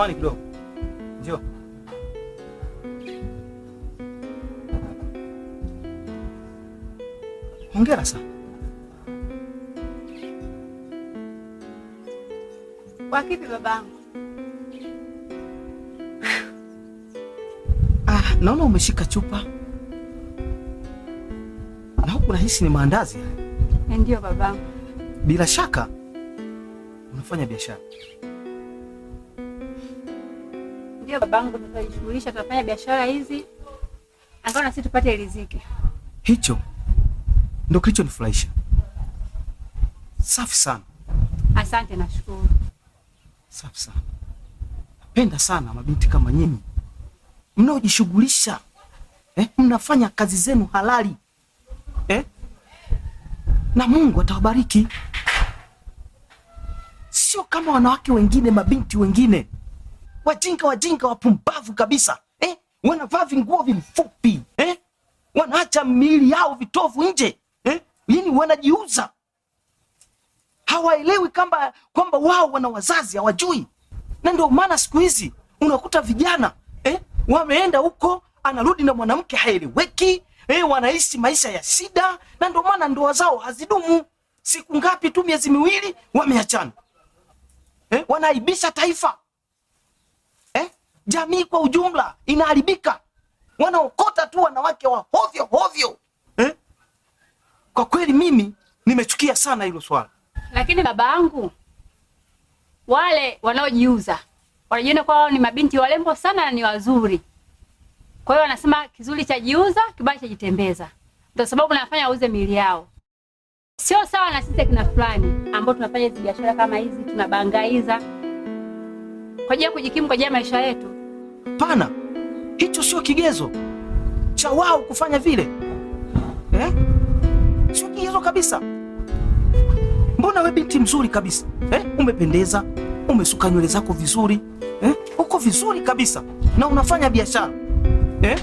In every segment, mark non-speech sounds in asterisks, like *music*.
Samani kidogo. Njoo. Hongera sana. Kwa kipi babangu? *laughs* Ah, naona umeshika chupa na huku nahisi ni maandazi. Ndio babangu. Bila shaka unafanya biashara akija babangu tunajishughulisha, tunafanya biashara hizi angalau na sisi tupate riziki. Hicho ndio kilichonifurahisha. Safi sana, asante, nashukuru. Safi sana, napenda sana mabinti kama nyinyi mnaojishughulisha eh, mnafanya kazi zenu halali eh? na Mungu atawabariki, sio kama wanawake wengine, mabinti wengine wajinga wajinga wapumbavu kabisa eh? Wanavaa vinguo vifupi eh? Wanaacha miili yao vitovu nje eh? Yaani wanajiuza, hawaelewi kamba kwamba wao wana wazazi, hawajui. Na ndio maana siku hizi unakuta vijana eh? wameenda huko, anarudi na mwanamke haeleweki eh? wanaishi maisha ya shida, na ndio maana ndoa zao hazidumu. Siku ngapi tu, miezi miwili wameachana eh? Wanaaibisha taifa jamii kwa ujumla inaharibika, wanaokota tu wanawake wa hovyo hovyo eh? Kwa kweli mimi nimechukia sana hilo swala, lakini baba yangu, wale wanaojiuza wanajiona kwao ni mabinti warembo sana na ni wazuri, kwa hiyo wanasema kizuri cha jiuza, kibaya cha jitembeza. Ndio sababu nafanya wauze mili yao. Sio sawa na sisi akina fulani ambao tunafanya hizi biashara kama hizi, tunabangaiza kwa ajili ya kujikimu, kwa ajili ya maisha yetu. Pana, hicho sio kigezo cha wao kufanya vile eh? Sio kigezo kabisa. Mbona we binti mzuri kabisa eh? Umependeza, umesuka nywele zako vizuri eh? Uko vizuri kabisa na unafanya biashara eh?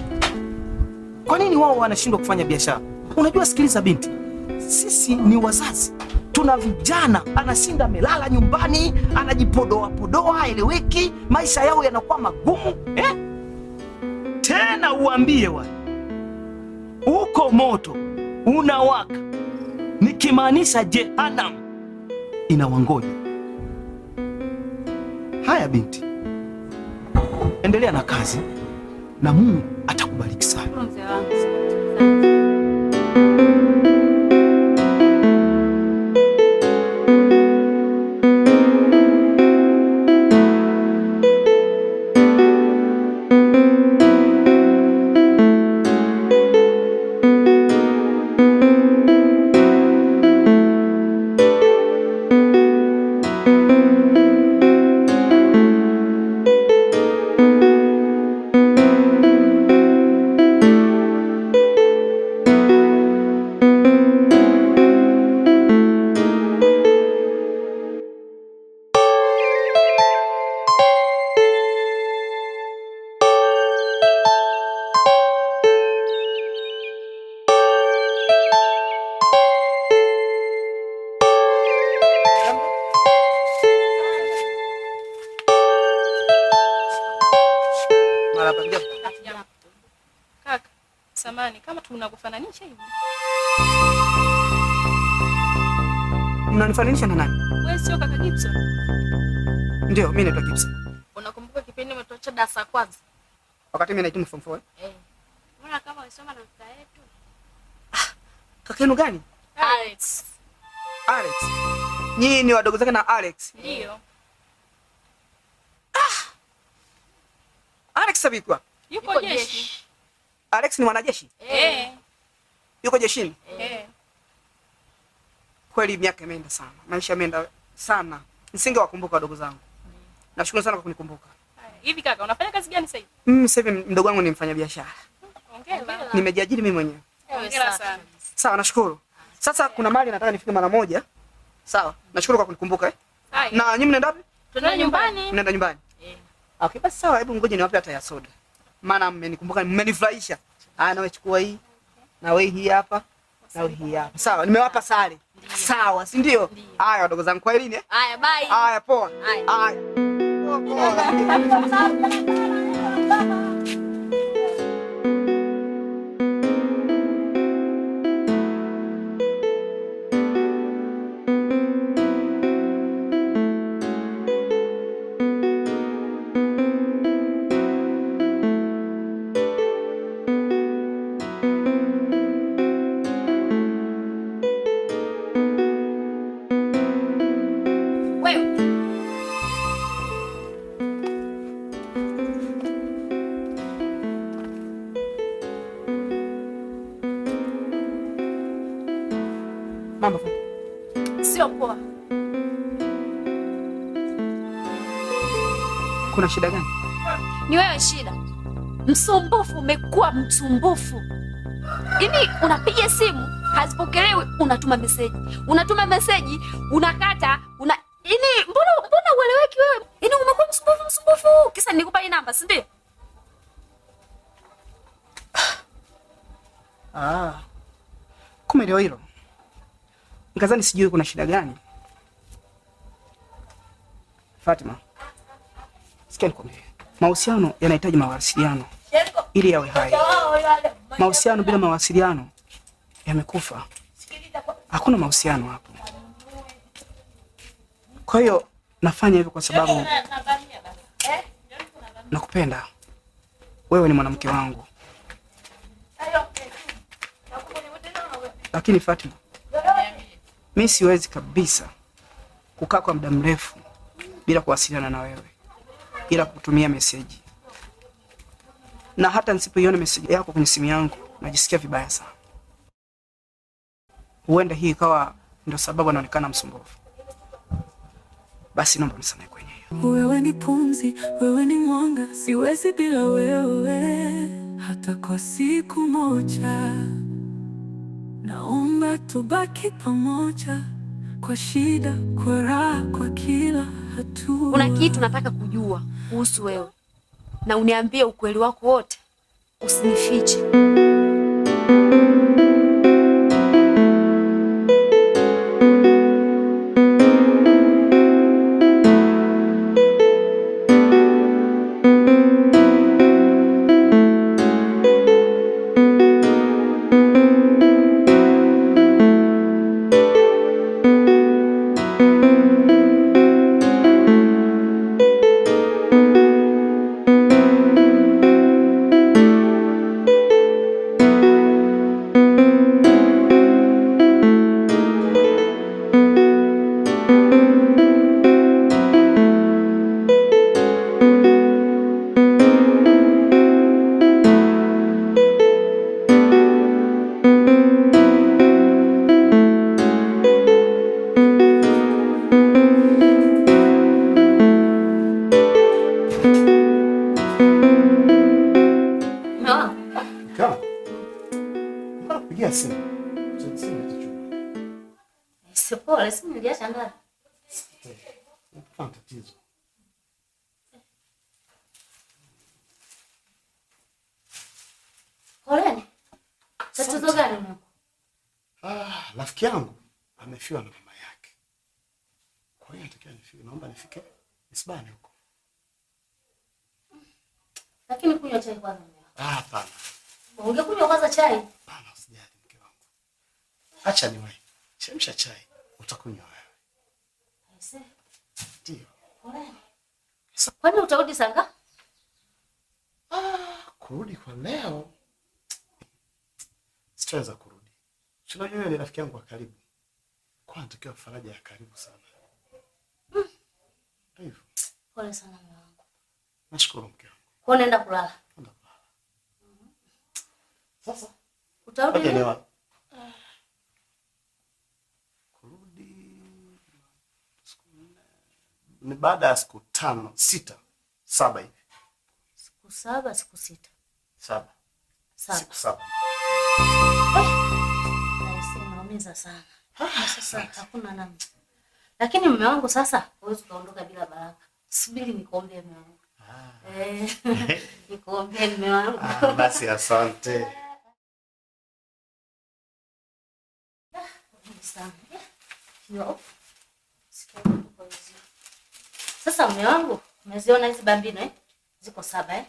Kwa nini wao wanashindwa kufanya biashara? Unajua, sikiliza binti, sisi ni wazazi tuna vijana anasinda amelala nyumbani, anajipodoa podoa, aeleweki, maisha yao yanakuwa magumu eh? Tena uambie wa uko moto unawaka, nikimaanisha jehanam inawangoja. Haya binti, endelea na kazi na Mungu atakubariki sana. Mnanifananisha hivi? Mnanifananisha na nani? Wewe sio kaka Gibson? Ndio, mimi naitwa Gibson. Unakumbuka kipindi umetoacha darasa kwanza? Wakati mimi nahitimu form 4. Eh. Mbona kama unasoma na kaka yetu? Ah, kaka yenu gani? Alex. Alex. Nyinyi ni wadogo zake na Alex? Ndio. Ah! Alex sabikwa. Yuko jeshi. Alex ni mwanajeshi? Eh yuko jeshini yeah. Kweli miaka imeenda sana, maisha yameenda sana, nisinge wakumbuka wadogo zangu mm. Nashukuru sana kwa kunikumbuka. Hivi kaka, unafanya kazi gani sasa hivi? Mimi sasa hivi mdogo wangu ni mfanyabiashara. Hongera. Nimejiajiri mimi mwenyewe. Hongera sana. Sawa, nashukuru. Sasa yeah. Kuna mali nataka nifike mara moja. Sawa. Nashukuru kwa kunikumbuka eh. Na nyinyi mnaenda wapi? Tunaenda nyumbani. Mnaenda nyumbani? Eh. Okay, basi sawa, hebu ngoja niwape hata ya soda. Maana mmenikumbuka, mmenifurahisha. Ah, nawe chukua hii na wewe hii hapa na wewe hii hapa. Sawa, nimewapa sare. Sawa, si ndio? Haya wadogo zangu, kwaherini. Eh? Haya, bye. Haya, poa. Haya. na shida gani? Ni wewe shida. Msumbufu, umekuwa msumbufu. Yaani unapiga simu hazipokelewi, unatuma meseji, unatuma meseji, unakata, una yaani, mbona mbona ueleweki wewe? Yaani umekuwa msumbufu msumbufu. Kisa nikupa hii namba, si ndio? Ah. ah. Kumbe ndio hilo. Nikazani sijui kuna shida gani. Fatima. Sikia nikwambie, mahusiano yanahitaji mawasiliano ili yawe hai. Mahusiano bila mawasiliano yamekufa, hakuna mahusiano hapo. Kwa hiyo nafanya hivyo kwa sababu nakupenda wewe, ni mwanamke wangu. Lakini Fatima, mi siwezi kabisa kukaa kwa muda mrefu bila kuwasiliana na wewe ila kutumia meseji. Na hata nisipoiona meseji yako kwenye simu yangu najisikia vibaya sana. Huenda hii ikawa ndio sababu anaonekana msumbufu. Basi naomba nisamehe kwenye hiyo. Wewe ni pumzi, wewe ni mwanga, siwezi bila wewe hata kwa siku moja. Naomba tubaki pamoja, kwa shida, kwa raha, kwa kila kuna kitu nataka kujua kuhusu wewe na uniambie ukweli wako wote, usinifiche. Tatizo gani mko? Ah, rafiki yangu amefiwa na mama yake. Kwa hiyo natakiwa nifike. Naomba nifike msibani huko. Lakini kunywa chai kwanza. Ah, hapana. Ungekunywa kwanza chai? Hapana, usijali mke wangu. Acha niwe. Chemsha chai, utakunywa wewe. Sasa. Ndio. Kwani utarudi sanga? Ah, kurudi kwa leo za kurudi. Sina yeye ni rafiki yangu wa karibu, kwa anatakiwa faraja ya karibu sana. Hmm. Hivyo pole sana wangu. Nashukuru mke wangu. Kwa unaenda kulala? Nenda kulala. Hmm. Sasa utarudi lini? Kurudi siku nne, ni baada ya siku tano sita saba hivi. Siku saba siku sita saba Saba. siku saba. saba Naumiza sana sasa, hakuna namna. Lakini mume wangu sasa, huwezi ukaondoka bila baraka. Subiri nikuombee mume wangu. Ah. Eh, *laughs* nikuombee mume wangu. Ah, basi asante sasa mume wangu, umeziona hizi bambino eh? Ziko saba eh?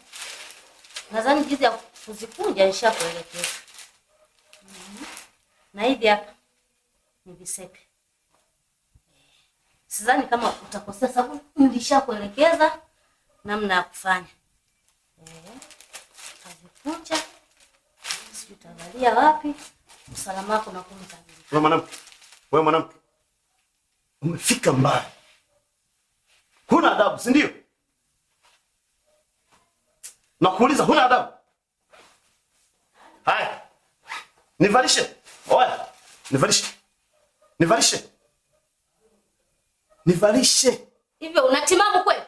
Nadhani jinsi ya kuzikunja nishakuelekeza na hivi hapa ni visepe. Eh, sidhani kama utakosea, sababu nilishakuelekeza namna ya kufanya. Utavikunja eh, sijui utavalia wapi, usalama wako unakuwa kamili. Wewe mwanamke, wewe mwanamke umefika mbali, huna adabu, si ndio? Nakuuliza, huna adabu? Haya, nivalishe Oya, nivalishe. Nivalishe. Nivalishe. Hivyo unatimamu kweli?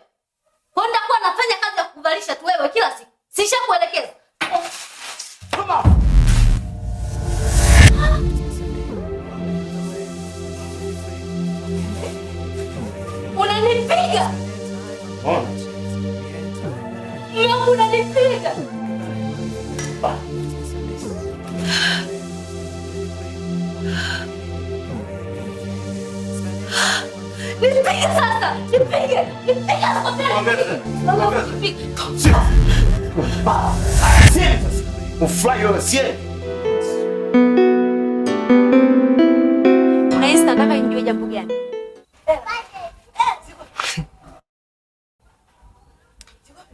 Kwa ndio kwa nafanya kazi ya kuvalisha tu wewe kila siku. Sishakuelekeza. Come on. Unanipiga. Mbona? Mbona unanipiga? Nipige sasa! sasa! nataka nijue jambo gani?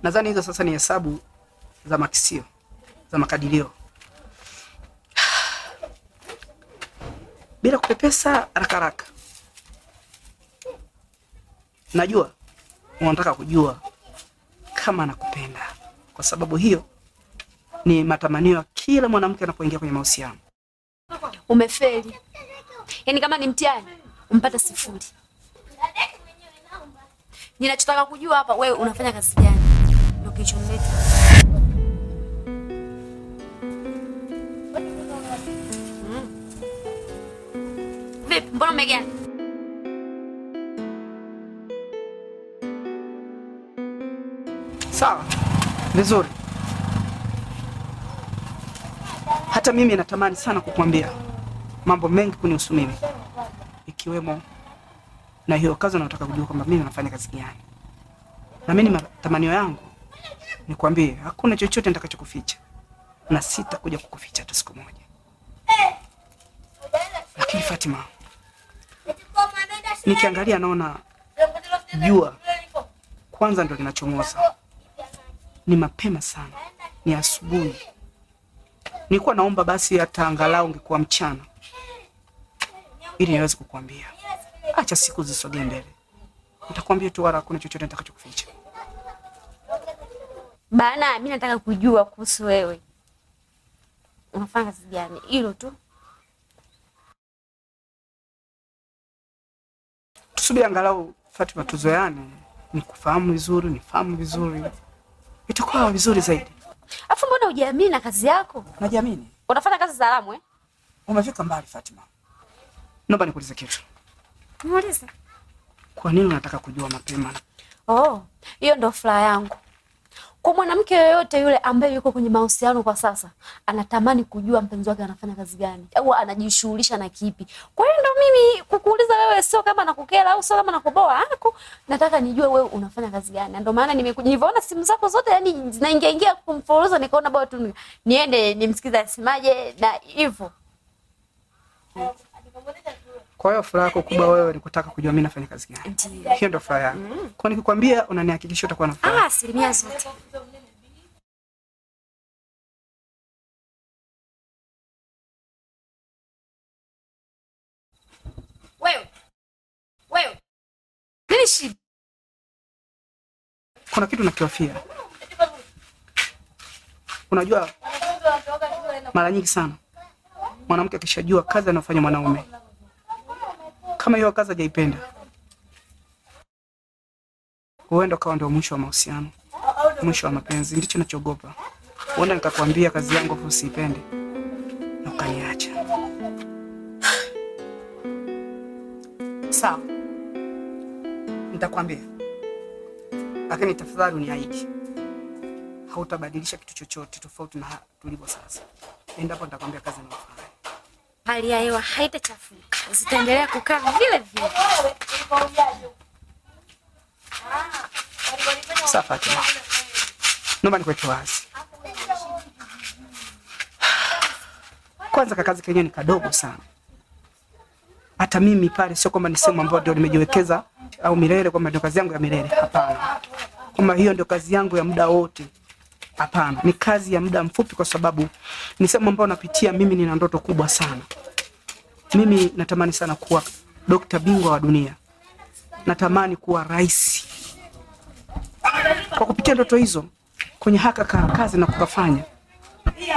Nadhani hizo sasa ni hesabu za makisio za makadirio. Bila kupepesa haraka haraka. Najua unataka kujua kama nakupenda, kwa sababu hiyo ni matamanio ya kila mwanamke anapoingia kwenye mahusiano. Umefeli, yaani kama ni mtihani umpata sifuri. Ninachotaka kujua hapa, wewe unafanya kazi gani? Ndio kilichonileta hmm. vipi. Mbona umegani? Sawa, vizuri. Hata mimi natamani sana kukuambia mambo mengi kunihusu mimi, ikiwemo na hiyo kazi. Nataka kujua kwamba mimi nafanya kazi gani, na mimi matamanio yangu nikwambie, hakuna chochote nitakachokuficha na sitakuja kukuficha hata siku moja. Lakini Fatima, nikiangalia naona jua kwanza ndo linachomoza ni mapema sana, ni asubuhi. Nilikuwa naomba basi hata angalau ungekuwa mchana ili niweze kukuambia. Acha siku zisogee mbele, nitakwambia tu, wala hakuna chochote nitakachokuficha. Bana, mimi nataka kujua kuhusu wewe, unafanya kazi gani? Hilo tu. Tusubiri angalau Fatima, tuzoeane, nikufahamu vizuri, nifahamu vizuri itakuwa vizuri zaidi. afu mbona hujiamini na kazi yako? Najiamini. Unafanya kazi za alamu eh? Umefika mbali Fatima. Naomba nikuulize kitu. Muulize. Kwa nini unataka kujua mapema? Oh, hiyo ndo furaha yangu. Kwa mwanamke yoyote yule ambaye yuko kwenye mahusiano kwa sasa, anatamani kujua mpenzi wake anafanya kazi gani au anajishughulisha na kipi. Kwa hiyo ndo mimi kukuuliza wewe, sio kama nakukela au sio kama nakuboa ako, nataka nijue wewe unafanya kazi gani. Ndio maana nimekuja nilivyoona simu zako zote, yani zinaingia ingia kumfuruza, nikaona bora tu niende nimsikize asemaje na hivyo. Kwa hiyo furaha yako kubwa wewe ni kutaka kujua mimi nafanya kazi gani. Hiyo ndio furaha yako. Kwa Kwa nikikwambia unanihakikisha utakuwa na furaha. Ah, asilimia zote. Wewe. Wewe. Nini shida? Kuna kitu nakihofia. Unajua mara nyingi sana mwanamke akishajua kazi anayofanya mwanaume kama hiyo kazi hajaipenda, huenda kawa ndio mwisho wa mahusiano, mwisho wa mapenzi. Ndicho nachogopa, huenda nikakwambia kazi yangu afu usiipende na ukaniacha. Sawa, nitakwambia, lakini tafadhali uniahidi hautabadilisha kitu chochote tofauti na tulivyo sasa. Endapo nitakwambia kazi inayofaa hali ya hewa haitachafuka, zitaendelea kukaa vile vile. Safati, naomba nikuweke wazi kwanza, kakazi kenyewe ni kadogo sana. Hata mimi pale sio kwamba ni sehemu ambayo ndio nimejiwekeza au milele, kwamba ndio kazi yangu ya milele. Hapana, kwamba hiyo ndio kazi yangu ya muda wote. Hapana, ni kazi ya muda mfupi, kwa sababu ni sehemu ambayo napitia mimi. Nina ndoto kubwa sana, mimi natamani sana kuwa dokta bingwa wa dunia, natamani kuwa rais. Kwa kupitia ndoto hizo kwenye haka kazi na kukafanya,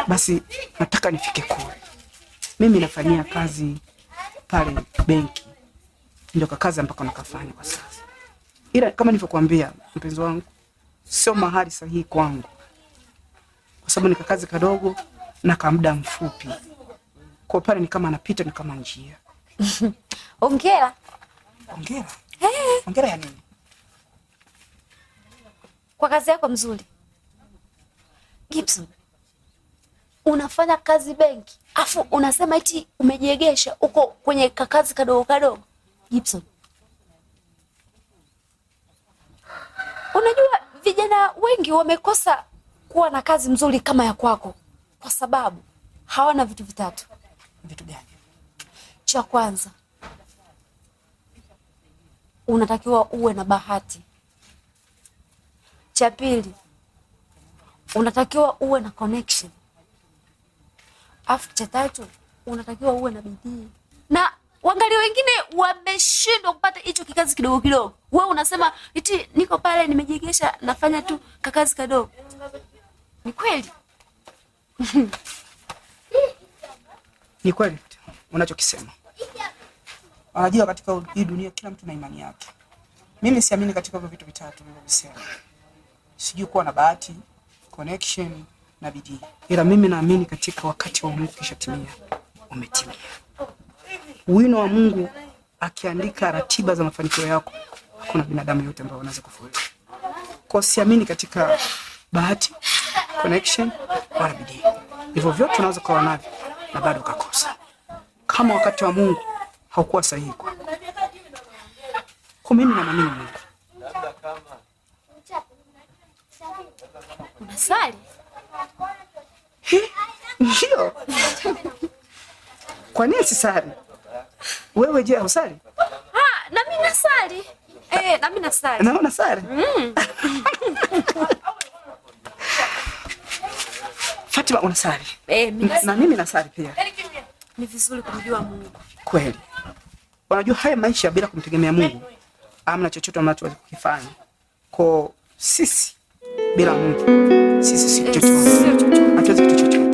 basi nataka nifike kule. Mimi nafanyia kazi pale benki, ndio kazi ambako nakafanya kwa sasa, ila kama nilivyokuambia mpenzi wangu, sio mahali sahihi kwangu kwa sababu ni kakazi kadogo na kwa muda mfupi, kwa pale ni kama anapita ni kama njia. *laughs* Ongera, ongera, Eh. Ongera ya nini kwa kazi yako mzuri Gibson? Unafanya kazi benki afu unasema eti umejiegesha uko kwenye kakazi kadogo kadogo. Gibson, unajua vijana wengi wamekosa kuwa na kazi mzuri kama ya kwako, kwa sababu hawana vitu vitatu. Vitu gani? Cha kwanza unatakiwa uwe na bahati. Cha pili unatakiwa uwe na connection, afu cha tatu unatakiwa uwe na bidii. Na wangali wengine wameshindwa kupata hicho kikazi kidogo kidogo, wewe unasema iti niko pale nimejigesha nafanya tu kakazi kadogo. Ni kweli *laughs* ni kweli unachokisema. Anajua katika hii dunia kila mtu na imani yake. Mimi siamini katika hivyo vitu vitatu nilivyosema, sijui kuwa na bahati, connection na bidii, ila mimi naamini katika wakati wa Mungu kishatimia, umetimia. Wino wa Mungu akiandika ratiba za mafanikio yako, hakuna binadamu yote ambaye anaweza kufuata. Kwa siamini katika bahati connection wala bidii. Hivyo vyote unaweza kuwa navyo na bado ukakosa, kama wakati wa Mungu haukuwa sahihi kwako. Kwa mimi na maneno Mungu unasali ndio. Kwa nini sisali? Wewe je, usali? Ah, na mimi nasali. Eh, na mimi nasali. Na unasali? Mm. *laughs* Fatima unasali? Eh, mimi na mimi nasali pia. Yaani Ni vizuri kumjua Mungu. Kweli. Unajua haya maisha bila kumtegemea Mungu amna chochote ambacho kukifanya. Kwa sisi bila Mungu sisi si eh, chochote. Hatuwezi kitu chochote.